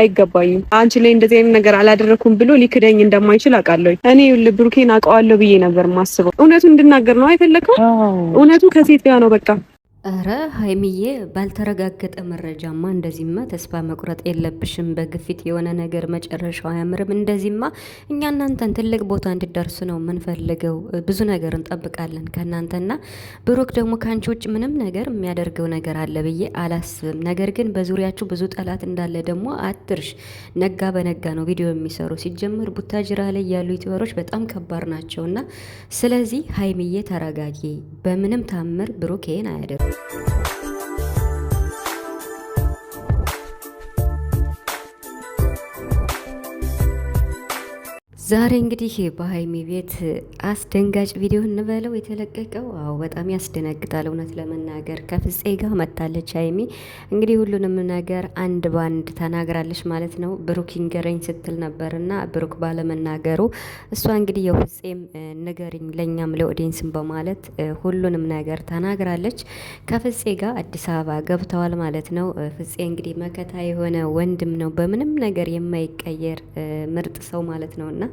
አይገባኝም። አንቺ ላይ እንደዚህ አይነት ነገር አላደረኩም ብሎ ሊክደኝ እንደማይችል አውቃለሁ። እኔ ብሩኬን አውቀዋለሁ ብዬ ነበር ማስበው። እውነቱ እንድናገር ነው አይፈለግም። እውነቱ ከሴት ጋር ነው በቃ እረ ሀይሚዬ ባልተረጋገጠ መረጃማ እንደዚህማ ተስፋ መቁረጥ የለብሽም። በግፊት የሆነ ነገር መጨረሻው አያምርም። እንደዚህማ እኛ እናንተን ትልቅ ቦታ እንድደርሱ ነው የምንፈልገው። ብዙ ነገር እንጠብቃለን ከእናንተና ብሩክ ደግሞ ከአንቺ ውጭ ምንም ነገር የሚያደርገው ነገር አለ ብዬ አላስብም። ነገር ግን በዙሪያችሁ ብዙ ጠላት እንዳለ ደግሞ አትርሽ። ነጋ በነጋ ነው ቪዲዮ የሚሰሩ ሲጀምር ቡታጅራ ላይ ያሉ ዩቲዩበሮች በጣም ከባድ ናቸውና፣ ስለዚህ ሀይሚዬ ተረጋጊ። በምንም ታምር ብሩክ ይሄን አያደርግ። Thank you. ዛሬ እንግዲህ በሀይሚ ቤት አስደንጋጭ ቪዲዮ እንበለው የተለቀቀው። አዎ በጣም ያስደነግጣል። እውነት ለመናገር ከፍጼ ጋር መታለች ሀይሚ እንግዲህ ሁሉንም ነገር አንድ ባንድ ተናግራለች ማለት ነው። ብሩክ ይንገረኝ ስትል ነበር እና ብሩክ ባለመናገሩ እሷ እንግዲህ የፍጼም ፍፄም ንገርኝ ለእኛም ለኦዲንስም በማለት ሁሉንም ነገር ተናግራለች። ከፍፄ ጋር አዲስ አበባ ገብተዋል ማለት ነው። ፍፄ እንግዲህ መከታ የሆነ ወንድም ነው፣ በምንም ነገር የማይቀየር ምርጥ ሰው ማለት ነው እና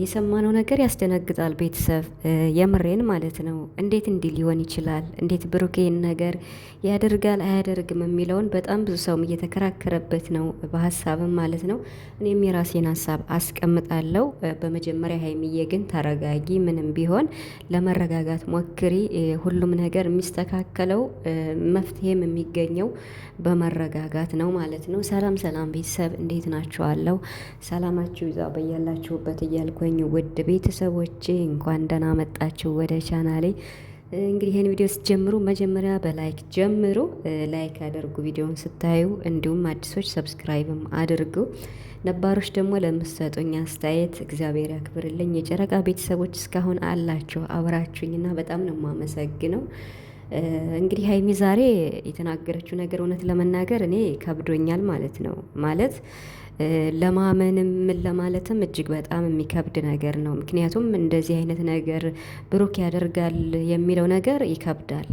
የሰማነው ነገር ያስደነግጣል። ቤተሰብ የምሬን ማለት ነው። እንዴት እንዲህ ሊሆን ይችላል? እንዴት ብሩኬን ነገር ያደርጋል አያደርግም የሚለውን በጣም ብዙ ሰውም እየተከራከረበት ነው፣ በሀሳብም ማለት ነው። እኔም የራሴን ሀሳብ አስቀምጣለሁ። በመጀመሪያ ሀይሚዬ ግን ተረጋጊ፣ ምንም ቢሆን ለመረጋጋት ሞክሪ። ሁሉም ነገር የሚስተካከለው መፍትሄም የሚገኘው በመረጋጋት ነው ማለት ነው። ሰላም ሰላም ቤተሰብ እንዴት ናችኋለሁ? ሰላማችሁ ይዛ በያላችሁበት አድርሱት እያልኩኝ ውድ ቤተሰቦቼ እንኳን ደህና መጣችሁ ወደ ቻናሌ። እንግዲህ ይህን ቪዲዮ ስትጀምሩ መጀመሪያ በላይክ ጀምሩ፣ ላይክ አድርጉ ቪዲዮን ስታዩ፣ እንዲሁም አዲሶች ሰብስክራይብም አድርጉ፣ ነባሮች ደግሞ ለምትሰጡኝ አስተያየት እግዚአብሔር ያክብርልኝ። የጨረቃ ቤተሰቦች እስካሁን አላችሁ አብራችሁኝና በጣም ነው የማመሰግነው። እንግዲህ ሀይሚ ዛሬ የተናገረችው ነገር እውነት ለመናገር እኔ ከብዶኛል ማለት ነው። ማለት ለማመንም ምን ለማለትም እጅግ በጣም የሚከብድ ነገር ነው። ምክንያቱም እንደዚህ አይነት ነገር ብሩክ ያደርጋል የሚለው ነገር ይከብዳል።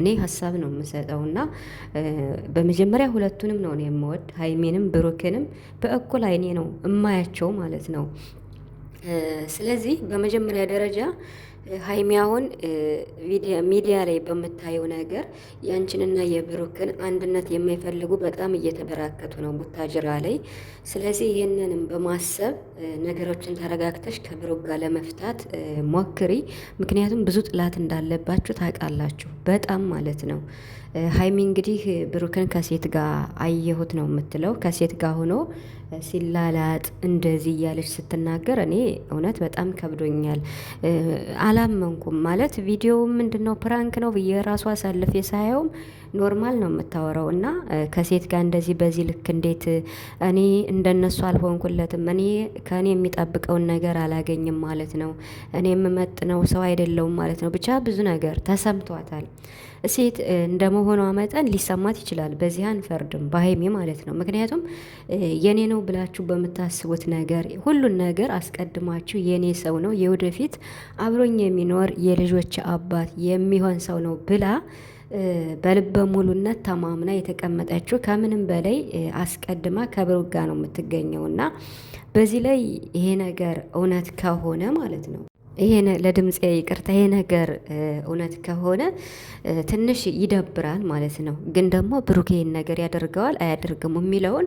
እኔ ሀሳብ ነው የምሰጠው እና በመጀመሪያ ሁለቱንም ነው የምወድ ሀይሜንም ብሩክንም በእኩል አይኔ ነው እማያቸው ማለት ነው። ስለዚህ በመጀመሪያ ደረጃ ሀይሚ አሁን ሚዲያ ላይ በምታየው ነገር ያንችንና የብሩክን አንድነት የማይፈልጉ በጣም እየተበራከቱ ነው ቡታጅራ ላይ። ስለዚህ ይህንንም በማሰብ ነገሮችን ተረጋግተሽ ከብሩክ ጋር ለመፍታት ሞክሪ። ምክንያቱም ብዙ ጥላት እንዳለባችሁ ታውቃላችሁ፣ በጣም ማለት ነው። ሀይሚ እንግዲህ ብሩክን ከሴት ጋር አየሁት ነው የምትለው። ከሴት ጋር ሆኖ ሲላላጥ እንደዚህ እያለች ስትናገር እኔ እውነት በጣም ከብዶኛል። አላመንኩም። ማለት ቪዲዮው ምንድን ነው ፕራንክ ነው ብዬ ራሱ አሳልፌ ሳየውም ኖርማል ነው የምታወራው እና ከሴት ጋር እንደዚህ በዚህ ልክ እንዴት እኔ እንደነሱ አልሆንኩለትም። እኔ ከእኔ የሚጠብቀውን ነገር አላገኝም ማለት ነው። እኔ የምመጥነው ሰው አይደለውም ማለት ነው። ብቻ ብዙ ነገር ተሰምቷታል። ሴት እንደመሆኗ መጠን ሊሰማት ይችላል። በዚህ አንፈርድም፣ በሀይሜ ማለት ነው። ምክንያቱም የኔ ነው ብላችሁ በምታስቡት ነገር ሁሉን ነገር አስቀድማችሁ የኔ ሰው ነው የወደፊት አብሮኝ የሚኖር የልጆች አባት የሚሆን ሰው ነው ብላ በልበ ሙሉነት ተማምና የተቀመጠችው ከምንም በላይ አስቀድማ ከብሩክ ጋር ነው የምትገኘው እና በዚህ ላይ ይሄ ነገር እውነት ከሆነ ማለት ነው ይሄ ለድምፅ ይቅርታ፣ ይሄ ነገር እውነት ከሆነ ትንሽ ይደብራል ማለት ነው። ግን ደግሞ ብሩክ ይሄን ነገር ያደርገዋል አያደርግም የሚለውን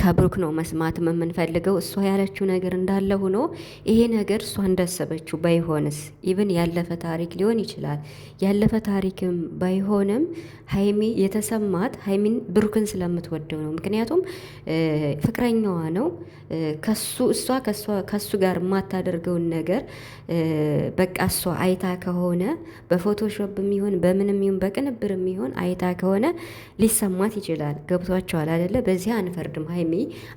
ከብሩክ ነው መስማት የምንፈልገው። እሷ ያለችው ነገር እንዳለ ሆኖ ይሄ ነገር እሷ እንዳሰበችው ባይሆንስ፣ ኢብን ያለፈ ታሪክ ሊሆን ይችላል። ያለፈ ታሪክም ባይሆንም ሀይሚ የተሰማት ሀይሚን ብሩክን ስለምትወደው ነው። ምክንያቱም ፍቅረኛዋ ነው ከሱ እሷ ከሱ ጋር የማታደርገውን ነገር ነገር በቃ እሷ አይታ ከሆነ በፎቶሾፕ የሚሆን በምንም ይሁን በቅንብር የሚሆን አይታ ከሆነ ሊሰማት ይችላል። ገብቷቸዋል አደለ? በዚህ አንፈርድም፣ ሀይሚ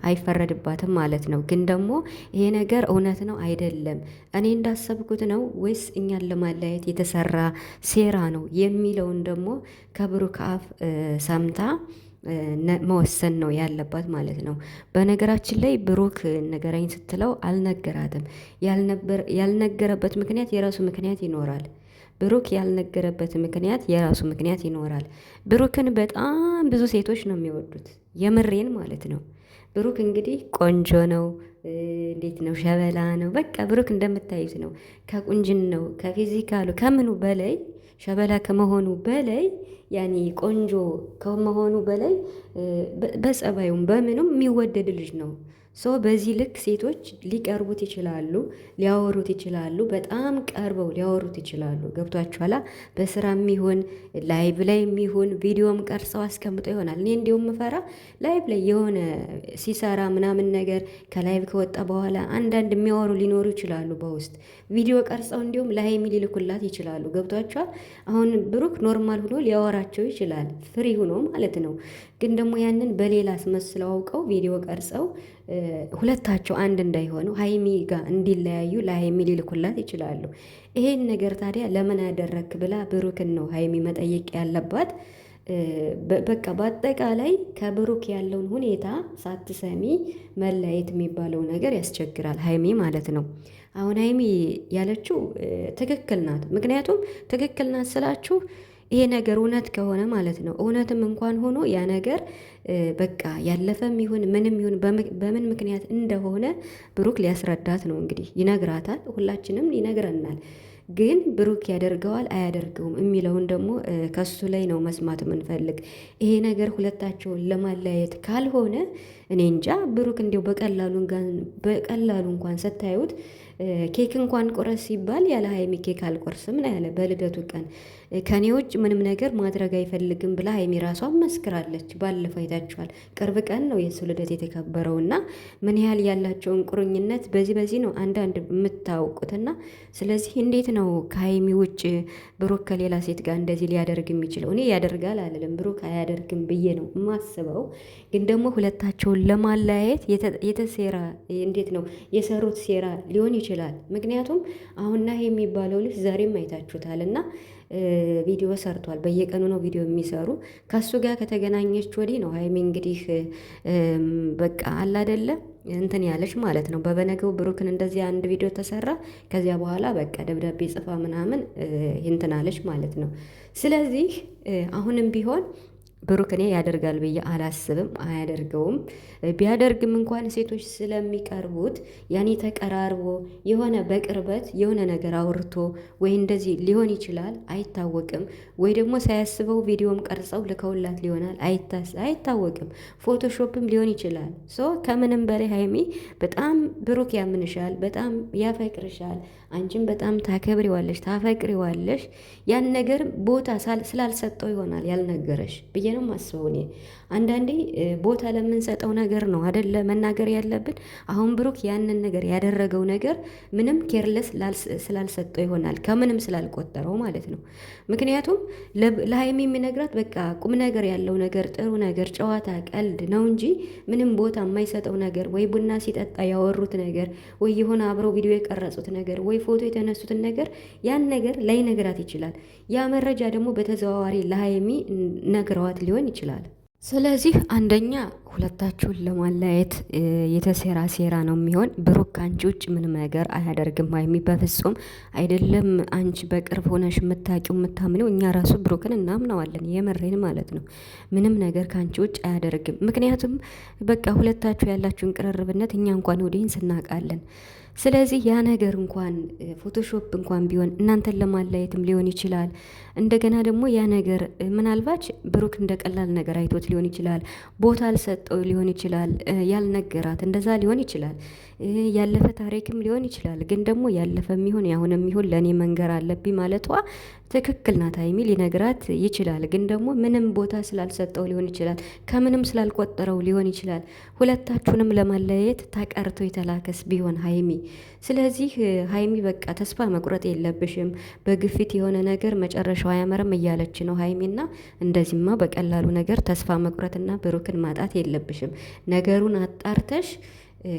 አይፈረድባትም ማለት ነው። ግን ደግሞ ይሄ ነገር እውነት ነው አይደለም፣ እኔ እንዳሰብኩት ነው ወይስ እኛን ለማለያየት የተሰራ ሴራ ነው የሚለውን ደግሞ ከብሩክ አፍ ሰምታ መወሰን ነው ያለባት ማለት ነው። በነገራችን ላይ ብሩክ ነገረኝ ስትለው አልነገራትም። ያልነገረበት ምክንያት የራሱ ምክንያት ይኖራል። ብሩክ ያልነገረበት ምክንያት የራሱ ምክንያት ይኖራል። ብሩክን በጣም ብዙ ሴቶች ነው የሚወዱት የምሬን ማለት ነው። ብሩክ እንግዲህ ቆንጆ ነው። እንዴት ነው? ሸበላ ነው። በቃ ብሩክ እንደምታዩት ነው። ከቁንጅን ነው ከፊዚካሉ ከምኑ በላይ ሸበላ ከመሆኑ በላይ ያኔ ቆንጆ ከመሆኑ በላይ በጸባዩም በምኑም የሚወደድ ልጅ ነው። ሶ በዚህ ልክ ሴቶች ሊቀርቡት ይችላሉ፣ ሊያወሩት ይችላሉ፣ በጣም ቀርበው ሊያወሩት ይችላሉ። ገብቷችኋላ? በስራም ይሁን ላይቭ ላይ የሚሆን ቪዲዮም ቀርጸው አስቀምጦ ይሆናል። እኔ እንዲሁም ምፈራ ላይቭ ላይ የሆነ ሲሰራ ምናምን ነገር ከላይቭ ከወጣ በኋላ አንዳንድ የሚያወሩ ሊኖሩ ይችላሉ። በውስጥ ቪዲዮ ቀርጸው እንዲሁም ለሀይሚ ሊልኩላት ይችላሉ። ገብቷችኋል? አሁን ብሩክ ኖርማል ሁኖ ሊያወራቸው ይችላል፣ ፍሪ ሁኖ ማለት ነው። ግን ደግሞ ያንን በሌላ አስመስለው አውቀው ቪዲዮ ቀርጸው ሁለታቸው አንድ እንዳይሆኑ ሀይሚ ጋር እንዲለያዩ ለሀይሚ ሊልኩላት ይችላሉ። ይሄን ነገር ታዲያ ለምን አደረክ ብላ ብሩክን ነው ሀይሚ መጠየቅ ያለባት። በቃ በአጠቃላይ ከብሩክ ያለውን ሁኔታ ሳትሰሚ መለያየት የሚባለው ነገር ያስቸግራል፣ ሀይሚ ማለት ነው። አሁን ሀይሚ ያለችው ትክክል ናት። ምክንያቱም ትክክል ናት ስላችሁ ይሄ ነገር እውነት ከሆነ ማለት ነው። እውነትም እንኳን ሆኖ ያ ነገር በቃ ያለፈም ይሁን ምንም ይሁን በምን ምክንያት እንደሆነ ብሩክ ሊያስረዳት ነው እንግዲህ ይነግራታል፣ ሁላችንም ይነግረናል። ግን ብሩክ ያደርገዋል አያደርገውም የሚለውን ደግሞ ከሱ ላይ ነው መስማት የምንፈልግ። ይሄ ነገር ሁለታቸውን ለማለያየት ካልሆነ እኔ እንጃ ብሩክ እንዲያው በቀላሉ በቀላሉ እንኳን ስታዩት ኬክ እንኳን ቁረስ ሲባል ያለ ሀይሚ ኬክ አልቆርስም ነው ያለ። በልደቱ ቀን ከኔ ውጭ ምንም ነገር ማድረግ አይፈልግም ብላ ሀይሚ ራሷ መስክራለች። ባለፈው አይታችኋል። ቅርብ ቀን ነው የሱ ልደት የተከበረው እና ምን ያህል ያላቸውን ቁርኝነት በዚህ በዚህ ነው አንዳንድ የምታውቁትና፣ ስለዚህ እንዴት ነው ከሀይሚ ውጭ ብሩክ ከሌላ ሴት ጋር እንደዚህ ሊያደርግ የሚችለው? እኔ ያደርጋል አልልም፣ ብሩክ አያደርግም ብዬ ነው የማስበው። ግን ደግሞ ሁለታቸውን ለማለያየት የተሴራ እንዴት ነው የሰሩት ሴራ ሊሆን ይችላል ይችላል። ምክንያቱም አሁን ናሂ የሚባለው ልጅ ዛሬም አይታችሁታል እና ቪዲዮ ሰርቷል። በየቀኑ ነው ቪዲዮ የሚሰሩ። ከሱ ጋር ከተገናኘች ወዲህ ነው ሀይሚ እንግዲህ በቃ አላደለ እንትን ያለች ማለት ነው። በበነገው ብሩክን እንደዚህ አንድ ቪዲዮ ተሰራ። ከዚያ በኋላ በቃ ደብዳቤ ጽፋ ምናምን እንትናለች ማለት ነው። ስለዚህ አሁንም ቢሆን ብሩክ እኔ ያደርጋል ብዬ አላስብም። አያደርገውም። ቢያደርግም እንኳን ሴቶች ስለሚቀርቡት ያኔ ተቀራርቦ የሆነ በቅርበት የሆነ ነገር አውርቶ ወይ እንደዚህ ሊሆን ይችላል፣ አይታወቅም። ወይ ደግሞ ሳያስበው ቪዲዮም ቀርጸው ልከውላት ሊሆናል፣ አይታወቅም። ፎቶሾፕም ሊሆን ይችላል። ሶ ከምንም በላይ ሀይሚ በጣም ብሩክ ያምንሻል፣ በጣም ያፈቅርሻል። አንቺም በጣም ታከብሪዋለሽ፣ ታፈቅሪዋለሽ። ያን ነገር ቦታ ስላልሰጠው ይሆናል ያልነገረሽ ብዬ eram maçônicos. አንዳንዴ ቦታ ለምንሰጠው ነገር ነው አደለ መናገር ያለብን። አሁን ብሩክ ያንን ነገር ያደረገው ነገር ምንም ኬርለስ ስላልሰጠው ይሆናል ከምንም ስላልቆጠረው ማለት ነው። ምክንያቱም ለሀይሚ የሚነግራት በቃ ቁም ነገር ያለው ነገር፣ ጥሩ ነገር፣ ጨዋታ፣ ቀልድ ነው እንጂ ምንም ቦታ የማይሰጠው ነገር ወይ ቡና ሲጠጣ ያወሩት ነገር ወይ የሆነ አብረው ቪዲዮ የቀረጹት ነገር ወይ ፎቶ የተነሱትን ነገር ያን ነገር ላይ ነግራት ይችላል። ያ መረጃ ደግሞ በተዘዋዋሪ ለሀይሚ ነግረዋት ሊሆን ይችላል። ስለዚህ አንደኛ ሁለታችሁን ለማለያየት የተሴራ ሴራ ነው የሚሆን። ብሩክ ከአንቺ ውጭ ምንም ነገር አያደርግም። ሀይሚ በፍጹም አይደለም። አንቺ በቅርብ ሆነሽ የምታውቂው የምታምነው እኛ ራሱ ብሩክን እናምነዋለን። የመሬን ማለት ነው። ምንም ነገር ከአንቺ ውጭ አያደርግም። ምክንያቱም በቃ ሁለታችሁ ያላችሁን ቅርርብነት እኛ እንኳን ወዲህን ስናውቃለን። ስለዚህ ያ ነገር እንኳን ፎቶሾፕ እንኳን ቢሆን እናንተን ለማላየትም ሊሆን ይችላል። እንደገና ደግሞ ያ ነገር ምናልባች ብሩክ እንደ ቀላል ነገር አይቶት ሊሆን ይችላል። ቦታ አልሰጠው ሊሆን ይችላል። ያልነገራት እንደዛ ሊሆን ይችላል። ያለፈ ታሪክም ሊሆን ይችላል። ግን ደግሞ ያለፈ የሚሆን ያሁን የሚሆን ለእኔ መንገር አለብኝ ማለቷ ትክክል ናት። ሀይሚ ሊነግራት ይችላል። ግን ደግሞ ምንም ቦታ ስላልሰጠው ሊሆን ይችላል። ከምንም ስላልቆጠረው ሊሆን ይችላል። ሁለታችሁንም ለማለያየት ተቀርቶ የተላከስ ቢሆን ሀይሚ ስለዚህ ሀይሚ በቃ ተስፋ መቁረጥ የለብሽም። በግፊት የሆነ ነገር መጨረሻው አያመርም እያለች ነው ሀይሚና እንደዚህማ በቀላሉ ነገር ተስፋ መቁረጥና ብሩክን ማጣት የለብሽም። ነገሩን አጣርተሽ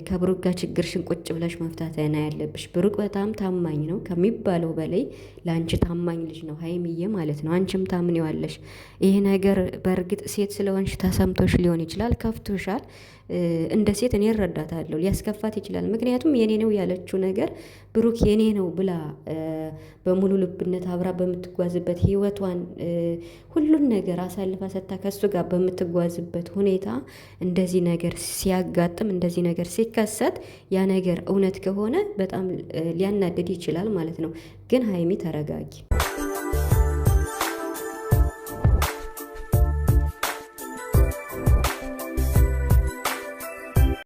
ከብሩክ ጋር ችግርሽን ቁጭ ብለሽ መፍታት ና ያለብሽ። ብሩክ በጣም ታማኝ ነው ከሚባለው በላይ ለአንቺ ታማኝ ልጅ ነው፣ ሀይሚዬ ማለት ነው። አንቺም ታምኔዋለሽ። ይሄ ነገር በእርግጥ ሴት ስለሆንሽ ተሰምቶሽ ሊሆን ይችላል፣ ከፍቶሻል። እንደ ሴት እኔ እረዳታለሁ፣ ሊያስከፋት ይችላል። ምክንያቱም የኔ ነው ያለችው ነገር ብሩክ የኔ ነው ብላ በሙሉ ልብነት አብራ በምትጓዝበት ህይወቷን ሁሉን ነገር አሳልፋ ሰጥታ ከሱ ጋር በምትጓዝበት ሁኔታ እንደዚህ ነገር ሲያጋጥም እንደዚህ ነገር ሲከሰት ያ ነገር እውነት ከሆነ በጣም ሊያናድድ ይችላል ማለት ነው። ግን ሀይሚ ተረጋጊ።